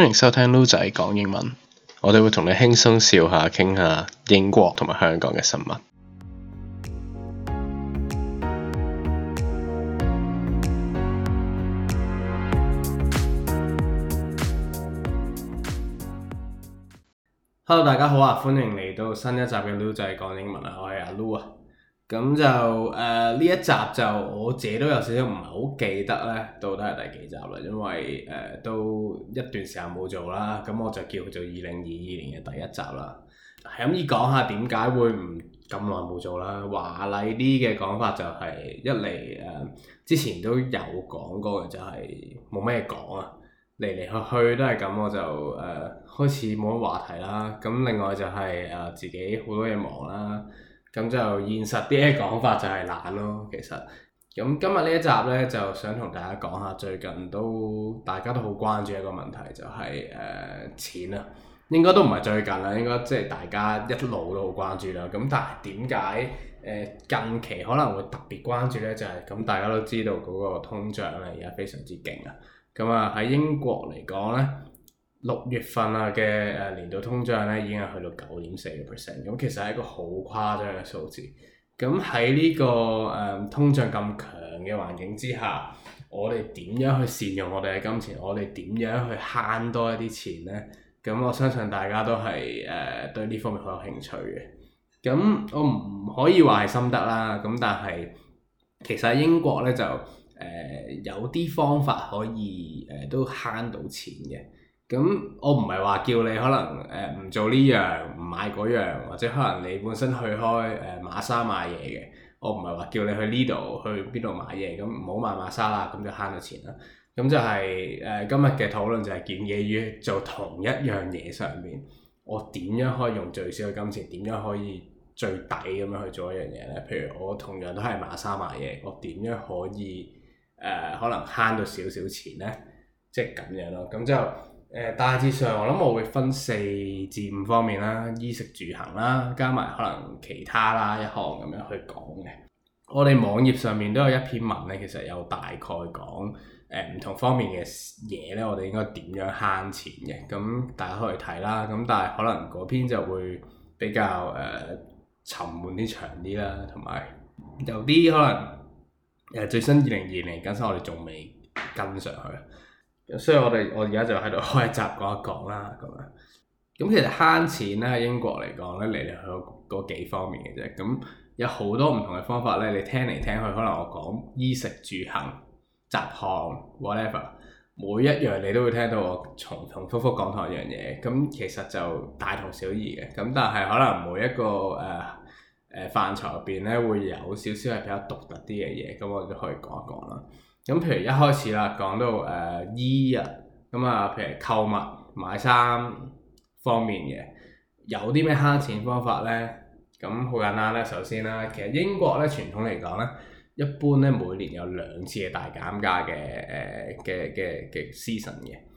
歡迎收聽 Loo 仔講英文，我哋會同你輕鬆笑下、傾下英國同埋香港嘅新聞。Hello，大家好啊！歡迎嚟到新一集嘅 Loo 仔講英文啊！我係阿 Loo 啊。咁就誒呢、呃、一集就我自己都有少少唔係好記得咧，到底係第幾集啦？因為誒、呃、都一段時間冇做啦，咁我就叫做二零二二年嘅第一集啦。咁而講下點解會唔咁耐冇做啦？華麗啲嘅講法就係一嚟誒、呃、之前都有講過嘅，就係冇咩講啊，嚟嚟去去都係咁，我就誒、呃、開始冇乜話題啦。咁另外就係、是、誒、呃、自己好多嘢忙啦。咁就現實啲嘅講法就係懶咯，其實。咁今日呢一集呢，就想同大家講下最近都大家都好關注一個問題，就係、是、誒、呃、錢啊。應該都唔係最近啦，應該即係大家一路都好關注啦。咁但係點解近期可能會特別關注呢？就係、是、咁，大家都知道嗰個通脹咧，而家非常之勁啊。咁啊，喺英國嚟講呢。六月份啊嘅誒年度通脹咧已經係去到九點四個 percent，咁其實係一個好誇張嘅數字。咁喺呢個誒、嗯、通脹咁強嘅環境之下，我哋點樣去善用我哋嘅金錢？我哋點樣去慳多一啲錢咧？咁我相信大家都係誒、呃、對呢方面好有興趣嘅。咁我唔可以話係心得啦。咁但係其實喺英國咧就誒、呃、有啲方法可以誒、呃、都慳到錢嘅。咁我唔係話叫你可能誒唔做呢樣唔買嗰樣，或者可能你本身去開誒馬莎買嘢嘅，我唔係話叫你去呢度去邊度買嘢，咁唔好買馬莎啦，咁就慳咗錢啦。咁就係、是、誒、呃、今日嘅討論就係建基於做同一樣嘢上面。我點樣可以用最少嘅金錢，點樣可以最抵咁樣去做一樣嘢咧？譬如我同樣都係馬莎買嘢，我點樣可以誒、呃、可能慳到少少錢咧？即係咁樣咯，咁就。呃、大致上，我諗我會分四至五方面啦，衣食住行啦，加埋可能其他啦一項咁樣去講嘅。我哋網頁上面都有一篇文咧，其實有大概講、呃、唔同方面嘅嘢咧，我哋應該點樣慳錢嘅。咁大家可以睇啦。咁但係可能嗰篇就會比較誒、呃、沉悶啲、長啲啦，同埋有啲可能、呃、最新二零二零更新，我哋仲未跟上去。所以我哋我而家就喺度開集講一講啦，咁樣咁其實慳錢咧英國嚟講咧嚟嚟去去嗰幾方面嘅啫，咁有好多唔同嘅方法咧。你聽嚟聽去，可能我講衣食住行、雜項、whatever，每一樣你都會聽到我重重複復講同一樣嘢。咁其實就大同小異嘅，咁但係可能每一個誒誒範疇入邊咧會有少少係比較獨特啲嘅嘢，咁我哋都可以講一講啦。咁譬如一開始啦，講到誒衣啊，咁、呃、啊，譬如購物買衫方面嘅，有啲咩慳錢方法咧？咁好簡單啦。首先啦，其實英國咧傳統嚟講咧，一般咧每年有兩次嘅大減價嘅誒嘅嘅嘅 season 嘅。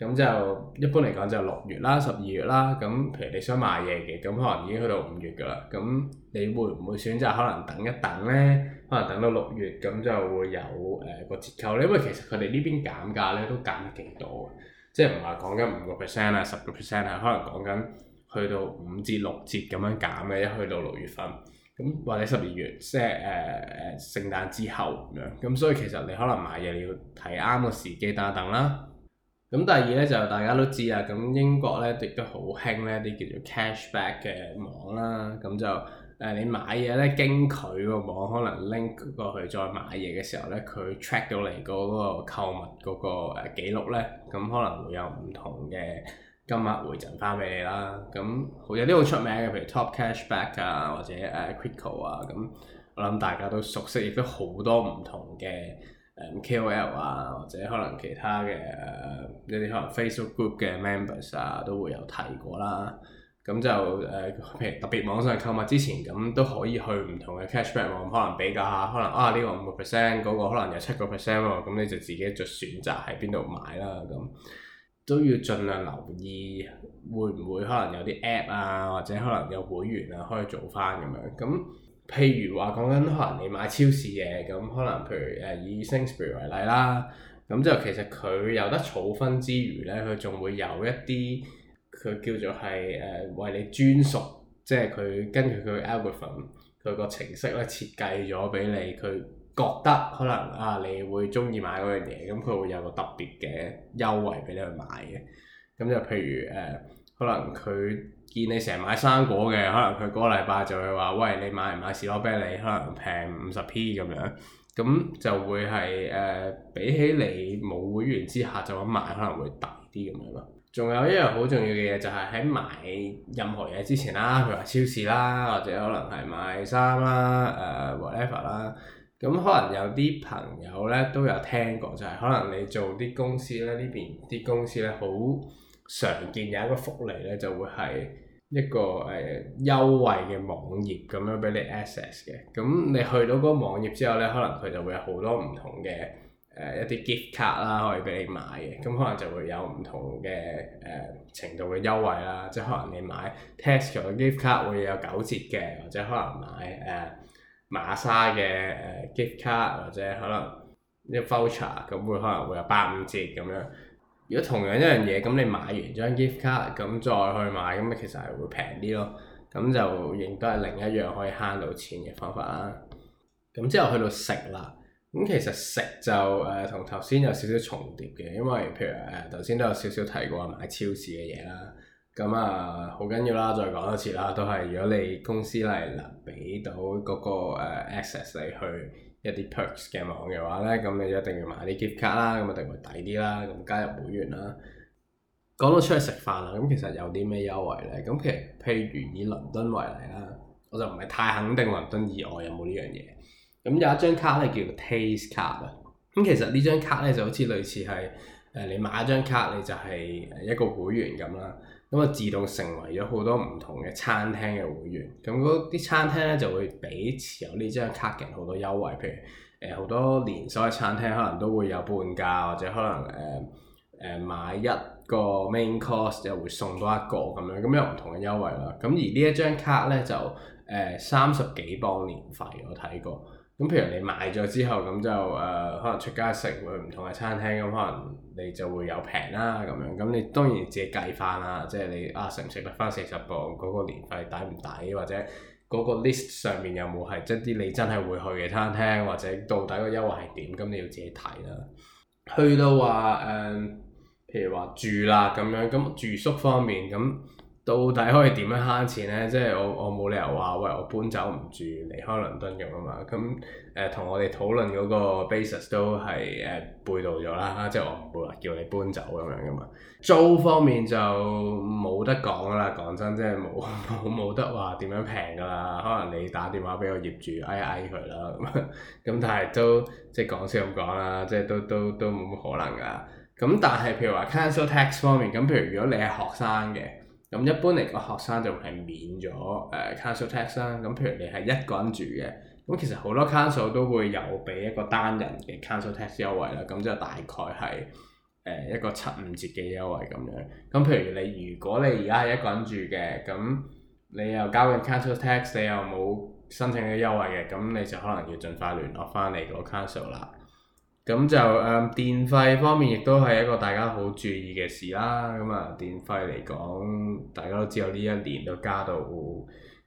咁就一般嚟講就六月啦、十二月啦。咁譬如你想買嘢嘅，咁可能已經去到五月噶啦。咁你會唔會選擇可能等一等呢？可能等到六月，咁就會有誒個折扣呢。因為其實佢哋呢邊減價呢都減得幾多，即係唔話講緊五個 percent 啊、十個 percent 啊，可能講緊去到五至六折咁樣減嘅，一去到六月份，咁或者十二月，即係誒誒聖誕之後咁樣。咁所以其實你可能買嘢你要睇啱個時機，等一等啦。咁第二咧就大家都知啊，咁英國咧亦都好興咧啲叫做 cashback 嘅網啦，咁就誒、呃、你買嘢咧經佢個網可能 link 過去再買嘢嘅時候咧，佢 track 到嚟個嗰個購物嗰、嗰個誒記、呃、錄咧，咁可能會有唔同嘅金額回贈翻俾你啦。咁有啲好出名嘅，譬如 Top Cashback 啊，或者誒 Quidco 啊，咁我諗大家都熟悉，亦都好多唔同嘅。KOL 啊，或者可能其他嘅一啲可能 Facebook group 嘅 members 啊，都會有提過啦。咁就誒，譬、呃、如特別網上購物之前咁，都可以去唔同嘅 cashback 網可能比較下，可能啊呢、呢個五個 percent，嗰個可能有七個 percent。咁你就自己就選擇喺邊度買啦。咁都要盡量留意，會唔會可能有啲 app 啊，或者可能有會員啊，可以做翻咁樣咁。譬如話講緊可能你買超市嘢咁，可能譬如誒、呃、以 Sainsbury 為例啦，咁就其實佢有得儲分之餘咧，佢仲會有一啲佢叫做係誒、呃、為你專屬，即係佢根據佢 algorithm 佢個程式咧設計咗俾你，佢覺得可能啊你會中意買嗰樣嘢，咁佢會有個特別嘅優惠俾你去買嘅，咁就譬如誒、呃可能佢見你成日買生果嘅，可能佢嗰個禮拜就會話：喂，你買唔買士多啤梨？可能平五十 P 咁樣，咁就會係誒、呃、比起你冇會員之下就咁買可能會大啲咁樣咯。仲有一樣好重要嘅嘢就係喺買任何嘢之前啦，譬如話超市啦，或者可能係買衫啦、誒、呃、whatever 啦，咁可能有啲朋友咧都有聽過，就係可能你做啲公司咧呢邊啲公司咧好。常見有一個福利咧，就會係一個誒優、呃、惠嘅網頁咁樣俾你 access 嘅。咁你去到嗰個網頁之後咧，可能佢就會有好多唔同嘅誒、呃、一啲 gift card 啦，可以俾你買嘅。咁可能就會有唔同嘅誒、呃、程度嘅優惠啦。即係可能你買 Tesco 嘅 gift card 會有九折嘅，或者可能買誒馬、呃、莎嘅誒、呃、gift card，或者可能一啲 voucher 咁會可能會有八五折咁樣。如果同樣一樣嘢，咁你買完張 gift 卡，咁再去買，咁其實係會平啲咯。咁就應該係另一樣可以慳到錢嘅方法啦。咁之後去到食啦，咁其實食就誒同頭先有少少重疊嘅，因為譬如誒頭先都有少少提過買超市嘅嘢啦。咁啊，好、呃、緊要啦，再講多次啦，都係如果你公司嚟嗱俾到嗰個、呃、access 你去。一啲 perks 嘅網嘅話咧，咁你一定要買啲 gift card 啦，咁一定會抵啲啦，咁加入會員啦。講到出去食飯啦，咁其實有啲咩優惠咧？咁其實譬如以倫敦為例啦，我就唔係太肯定倫敦以外有冇呢樣嘢。咁有一張卡咧叫 Taste Card 啊，咁其實呢張卡咧就好似類似係誒、呃、你買一張卡你就係一個會員咁啦。.咁啊，自動成為咗好多唔同嘅餐廳嘅會員，咁嗰啲餐廳咧就會俾持有呢張卡嘅人好多優惠，譬如誒好、呃、多連鎖嘅餐廳可能都會有半價，或者可能誒誒、呃呃、買一個 main course 又會送多一個咁樣，咁有唔同嘅優惠啦。咁而呢一張卡咧就誒三十幾磅年費，我睇過。咁譬如你買咗之後，咁就誒、呃、可能出街食會唔同嘅餐廳，咁可能你就會有平啦咁樣。咁你當然自己計返啦，即係你啊食唔食得翻四十磅嗰、那個年費抵唔抵，或者嗰個 list 上面有冇係即係啲你真係會去嘅餐廳，或者到底個優惠係點，咁你要自己睇啦。去到話誒、呃，譬如話住啦咁樣，咁住宿方面咁。到底可以點樣慳錢呢？即係我我冇理由話，喂，我搬走唔住，離開倫敦咁啊嘛。咁誒同我哋討論嗰個 basis 都係誒、呃、背道咗啦。即係我唔會話叫你搬走咁樣噶嘛。租方面就冇得講啦。講真，即係冇冇得話點樣平噶啦。可能你打電話俾個業主，嗌嗌佢啦。咁但係都即係講笑咁講啦。即係都都都冇乜可能噶。咁但係譬如話 council tax 方面，咁譬如如果你係學生嘅。咁一般嚟講，學生就係免咗誒、呃、council tax 啦。咁譬如你係一個人住嘅，咁其實好多 council 都會有俾一個單人嘅 council tax 優惠啦。咁就大概係誒一個七五折嘅優惠咁樣。咁譬如你如果你而家係一個人住嘅，咁你又交緊 council tax，你又冇申請嘅優惠嘅，咁你就可能要盡快聯絡翻你個 council 啦。咁就誒、嗯、電費方面，亦都係一個大家好注意嘅事啦。咁、嗯、啊電費嚟講，大家都知道呢一年都加到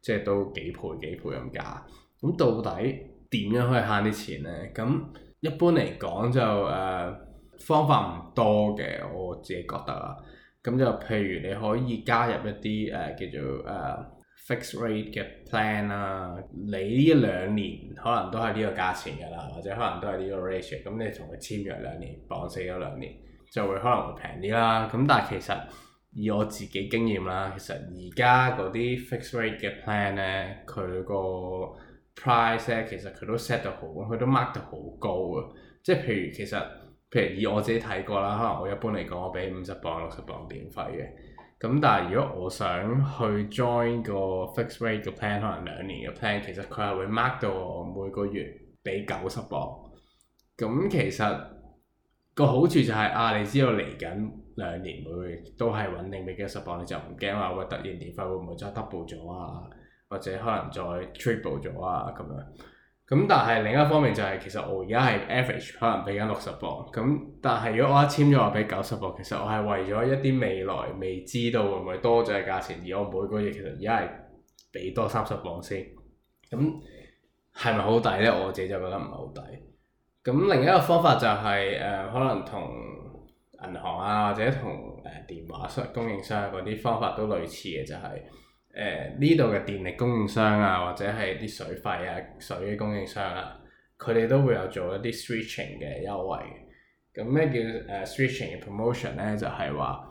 即係都幾倍幾倍咁加。咁、嗯、到底點樣可以慳啲錢呢？咁、嗯、一般嚟講就誒、呃、方法唔多嘅，我自己覺得啊。咁、嗯、就譬如你可以加入一啲誒、呃、叫做誒。呃 fixed rate 嘅 plan 啦，你呢兩年可能都係呢個價錢㗎啦，或者可能都係呢個 ratio，咁你同佢簽約兩年，綁死咗兩年，就會可能會平啲啦。咁但係其實以我自己經驗啦，其實而家嗰啲 fixed rate 嘅 plan 咧，佢個 price 咧，其實佢都 set 得好，佢都 mark 得好高嘅。即係譬如其實，譬如以我自己睇過啦，可能我一般嚟講，我俾五十磅、六十磅電費嘅。咁但係如果我想去 join 個 fixed rate 嘅 plan，可能兩年嘅 plan，其實佢係會 mark 到我每個月俾九十磅。咁、嗯、其實個好處就係、是、啊，你知道嚟緊兩年每個月都係穩定俾幾十磅，你就唔驚話喂突然電費會唔會再 double 咗啊，或者可能再 triple 咗啊咁樣。咁但係另一方面就係、是、其實我而家係 average 可能俾緊六十磅，咁但係如果我一簽咗話俾九十磅，其實我係為咗一啲未來未知道會唔會多咗嘅價錢，而我每個月其實而家係俾多三十磅先，咁係咪好抵呢？我自己就覺得唔係好抵。咁另一個方法就係、是、誒、呃、可能同銀行啊或者同誒電話商供應商嗰啲方法都類似嘅就係、是。誒呢度嘅電力供應商啊，或者係啲水費啊，水嘅供應商啊，佢哋都會有做一啲 switching 嘅優惠。咁咩叫誒 switching 嘅 promotion 咧？就係、是、話，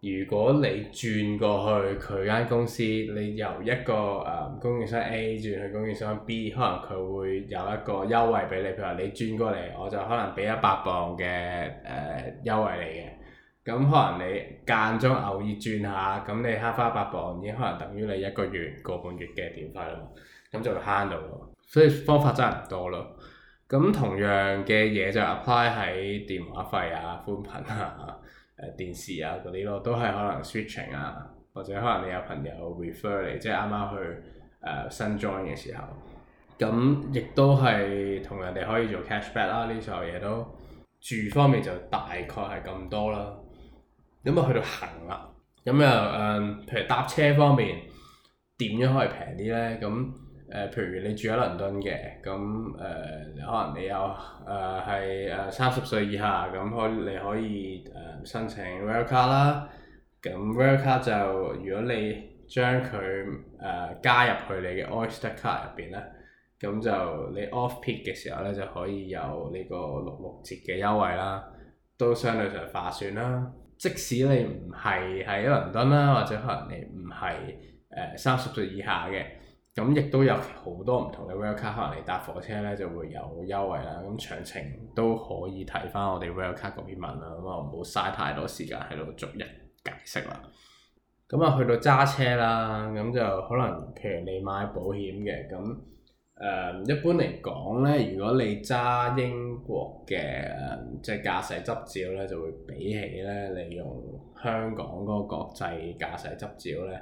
如果你轉過去佢間公司，你由一個誒、呃、供應商 A 轉去供應商 B，可能佢會有一個優惠俾你。譬如話，你轉過嚟，我就可能俾一百磅嘅誒、呃、優惠你嘅。咁可能你間中偶爾轉下，咁你慳翻百磅，已經可能等於你一個月個半月嘅電費咯。咁就慳到咯。所以方法真係唔多咯。咁同樣嘅嘢就 apply 喺電話費啊、寬頻啊、誒電視啊嗰啲咯，都係可能 switching 啊，或者可能你有朋友 refer 你，即係啱啱去誒、呃、新 join 嘅時候，咁亦都係同人哋可以做 cashback 啦、啊。呢所有嘢都住方面就大概係咁多啦。咁咪去到行啦，咁又誒，譬如搭車方面點樣可以平啲咧？咁誒、呃，譬如你住喺倫敦嘅，咁誒、呃、可能你有誒係誒三十歲以下，咁可你可以誒、呃、申請 Rail 卡啦。咁 Rail 卡就如果你將佢誒加入去你嘅 Oyster Card 入邊咧，咁就你 Off peak 嘅時候咧就可以有呢個六六折嘅優惠啦，都相對上划算啦。即使你唔係喺倫敦啦，或者可能你唔係誒三十歲以下嘅，咁亦都有好多唔同嘅 Railcard 可能你搭火車咧，就會有優惠啦。咁詳情都可以睇翻我哋 Railcard 嗰篇文啦。咁啊，唔好嘥太多時間喺度逐一解釋啦。咁啊，去到揸車啦，咁就可能譬如你買保險嘅咁。誒、嗯、一般嚟講咧，如果你揸英國嘅即係駕駛執照咧，就會比起咧你用香港嗰個國際駕駛執照咧，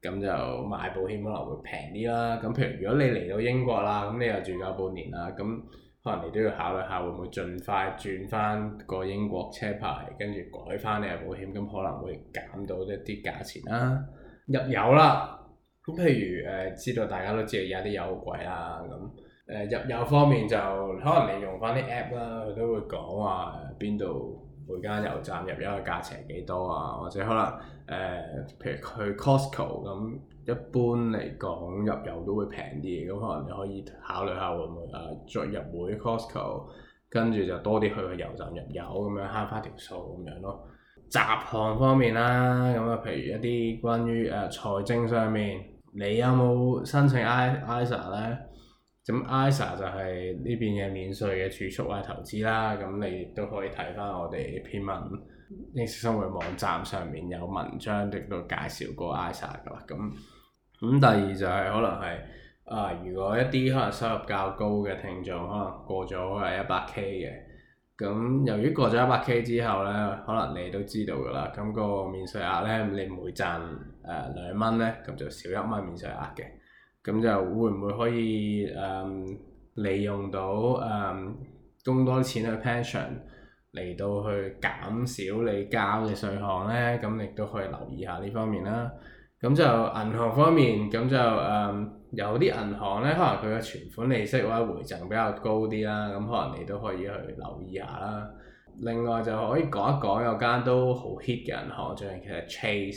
咁就買保險可能會平啲啦。咁譬如如果你嚟到英國啦，咁你又住夠半年啦，咁可能你都要考慮下會唔會盡快轉翻個英國車牌，跟住改翻你嘅保險，咁可能會減到一啲價錢啦。入油啦！咁譬如誒、呃，知道大家都知有啲油貴啦，咁誒、呃、入油方面就可能你用翻啲 app 啦，佢都會講話邊度每間油站入油嘅價錢幾多啊，或者可能誒、呃，譬如去 Costco 咁，一般嚟講入油都會平啲，咁可能你可以考慮下會唔會誒再、啊、入會 Costco，跟住就多啲去個油站入油，咁樣慳翻條數，咁樣咯。雜項方面啦，咁啊譬如一啲關於誒財政上面。你有冇申請 ISA 咧？咁 ISA 就係呢邊嘅免稅嘅儲蓄或投資啦。咁你都可以睇翻我哋篇文，英式生活網站上面有文章嚟到介紹過 ISA 噶啦。咁咁第二就係可能係啊、呃，如果一啲可能收入較高嘅聽眾，可能過咗係一百 K 嘅。咁由於過咗一百 K 之後咧，可能你都知道噶啦。咁、那個免稅額咧，你唔會賺誒兩蚊咧，咁、呃、就少一蚊免稅額嘅。咁就會唔會可以誒、嗯、利用到誒、嗯、供多啲錢去 pension 嚟到去減少你交嘅稅項咧？咁你都可以留意下呢方面啦。咁就銀行方面，咁就誒。嗯有啲銀行咧，可能佢嘅存款利息或者回贈比較高啲啦，咁可能你都可以去留意下啦。另外就可以講一講有間都好 hit 嘅銀行，ase, 就係其實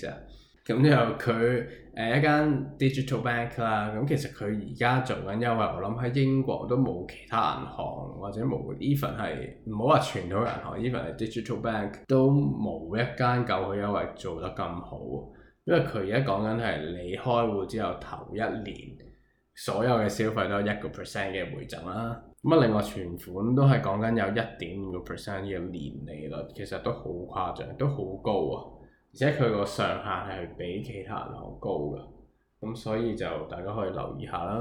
Chase 啊。咁之後佢誒一間 digital bank 啦，咁其實佢而家做緊優惠，我諗喺英國都冇其他銀行或者冇 even 係唔好話傳統銀行，even 係 digital bank 都冇一間夠佢優惠做得咁好。因為佢而家講緊係你開戶之後頭一年。所有嘅消費都有一個 percent 嘅回贈啦，咁啊另外存款都係講緊有一點五個 percent 嘅年利率，其實都好誇張，都好高啊！而且佢個上限係比其他人好高㗎，咁所以就大家可以留意下啦。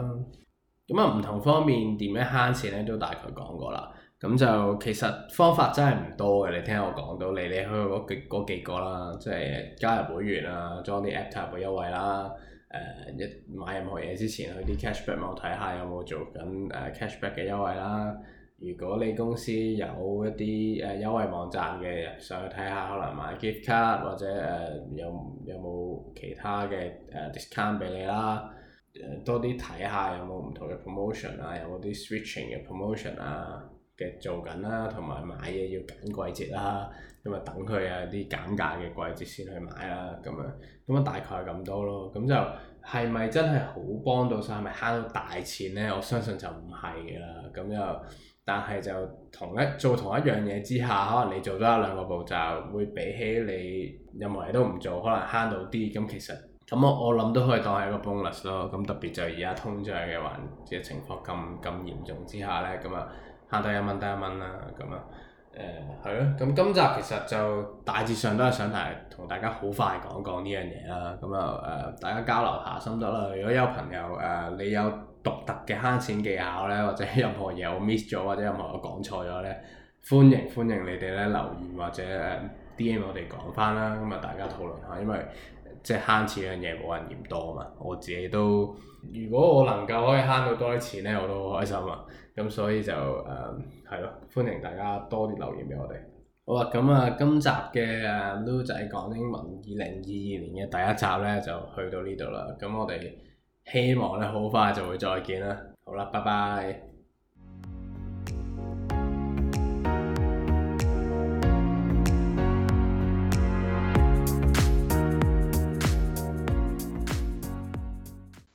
咁啊唔同方面點樣慳錢咧，都大概講過啦。咁就其實方法真係唔多嘅，你聽我講到嚟嚟去去嗰幾嗰幾個啦，即係加入會員啊，裝啲 app type 嘅優惠啦。誒一、呃、買任何嘢之前，去啲 cashback 網睇下有冇做緊誒 cashback 嘅優惠啦。如果你公司有一啲誒、呃、優惠網站嘅，上去睇下可能買 gift 卡或者誒、呃、有有冇其他嘅誒、呃、discount 俾你啦。誒、呃、多啲睇下有冇唔同嘅 promotion 啊，有冇啲 switching 嘅 promotion 啊，嘅做緊啦，同埋買嘢要揀季節啦，咁啊等佢啊啲減價嘅季節先去買啦，咁樣，咁啊大概係咁多咯，咁就係咪真係好幫到晒咪慳到大錢咧？我相信就唔係啦，咁又，但係就同一做同一樣嘢之下，可能你做多一兩個步驟，會比起你任何嘢都唔做，可能慳到啲，咁其實，咁我我諗都可以當係一個 bonus 咯，咁特別就而家通脹嘅環嘅情況咁咁嚴重之下咧，咁啊～掙、啊、得一蚊得一蚊啦，咁啊，誒係咯，咁、啊、今集其實就大致上都係想提同大家好快講講呢樣嘢啦，咁啊誒大家交流下心得啦。如果有朋友誒、啊、你有獨特嘅慳錢技巧咧，或者任何嘢我 miss 咗或者任何我講錯咗咧，歡迎歡迎你哋咧留言或者誒 DM 我哋講翻啦，咁啊大家討論下，因為。即係慳錢呢樣嘢冇人嫌多啊嘛！我自己都，如果我能夠可以慳到多啲錢咧，我都好開心啊！咁所以就誒係咯，歡迎大家多啲留言俾我哋。好啦，咁啊，今集嘅 Loo 仔講英文二零二二年嘅第一集咧，就去到呢度啦。咁我哋希望咧，好快就會再見啦。好啦，拜拜。